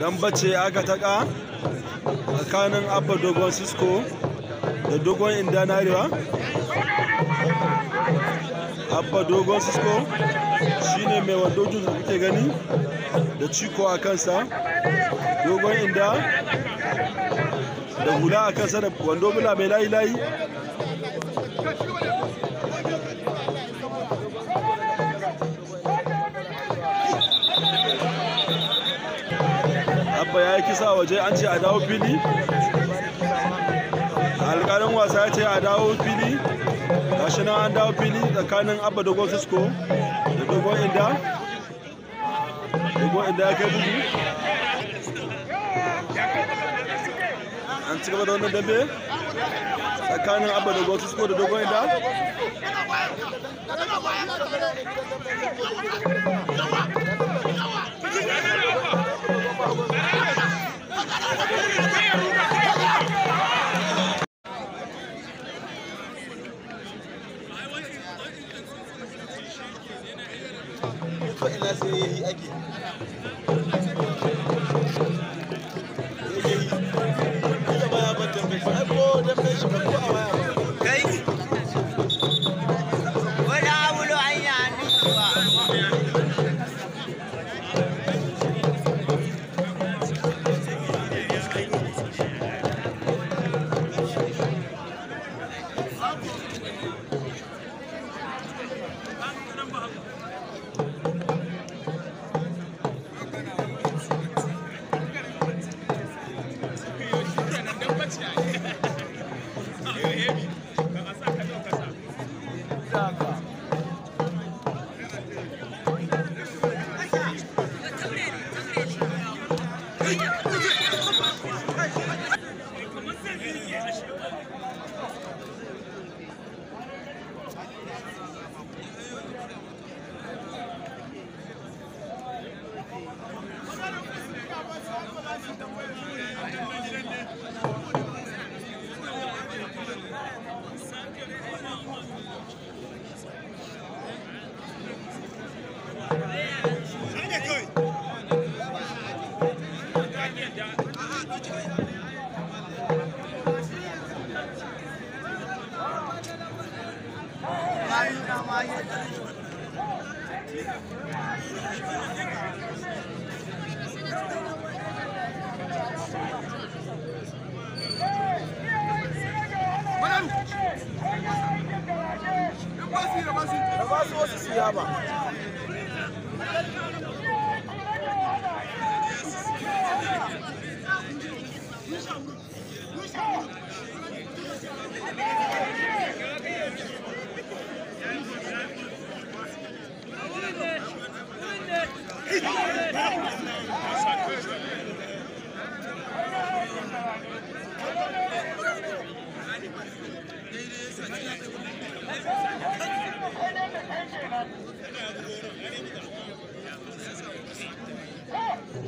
don bace aka taka tsakanin abba dogon cisco da dogon indana abba dogon shi shine mai wando jus da kuke gani da ciko a kansa dogon inda da hula a kansa da wando bula mai layi-layi Garba ya yi kisa waje an ce a dawo fili alƙalin wasa ya ce a dawo fili gashi nan an dawo fili tsakanin abba dogon sisko da dogon inda dogon inda ya kai bugu an ci gaba da wannan dambe tsakanin abba dogon sisko da dogon inda Thank you. tambayoyi ake Madam! Rabasi, siya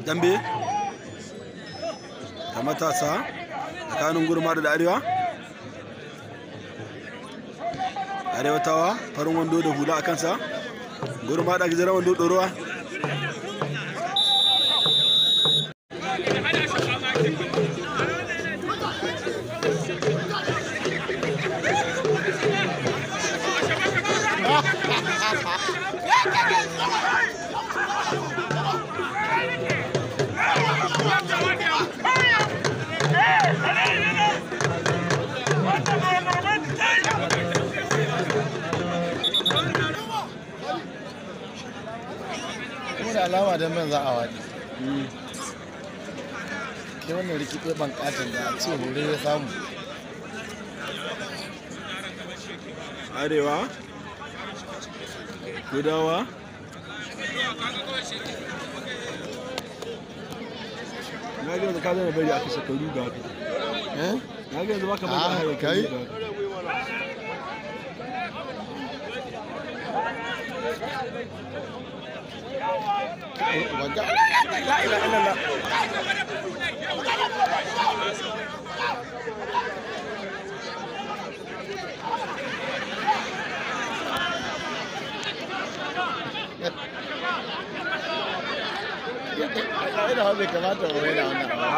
dambe ta matasa tsakanin gurma da arewa arewatawa farin wando da hula a kansa gurma da gizaran wando ɗorowa yawa don ban za a waɗi ke wannan rikiɗe ban katin da a ce hore ya samu arewa gudawa na gina yanzu ka zama bari a fi shakaru eh? ga ka na gina yanzu ba ka bari a hayar ah, karu وقع لا اله الا الله هنا هذه كماتة وهنا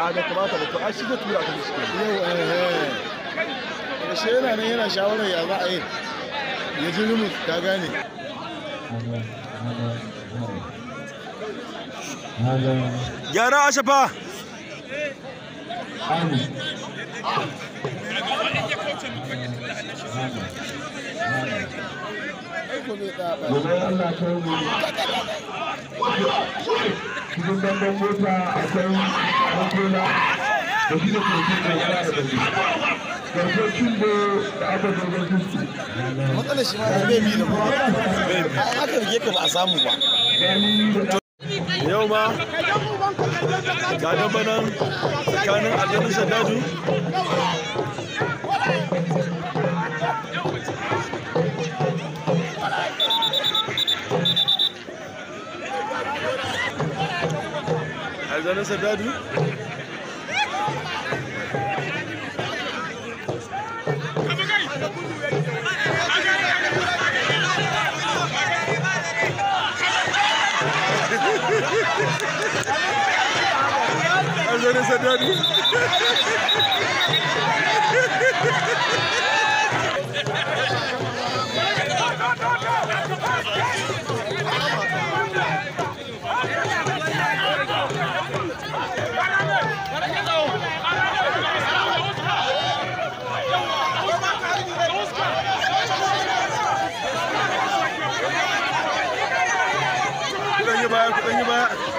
هذا كماتة بتعشقت ولا تشكي يو ايه بس هنا هنا شاوري يا ضعيف يجي لمت تاغاني gyara yara Matsalar shi ma da bai da kuma. Aka rige ka ba a samu ba. yau ma ga dabanan tsakanin aljanin sadadu aljanin sadadu Zane Sadani. Thank you, bye.